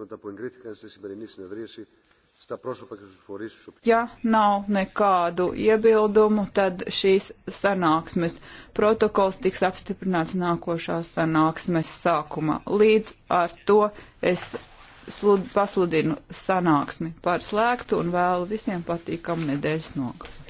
αιτήματα που εγκρίθηκαν στη σημερινή συνεδρίαση στα πρόσωπα και στους φορείς στους οποίους... Ja nav nekādu iebildumu, tad šīs sanāksmes protokols tiks apstiprināts nākošās sanāksmes sākumā. Līdz ar to es slud, pasludinu sanāksmi par slēgtu un vēlu visiem patīkamu nedēļas nogali.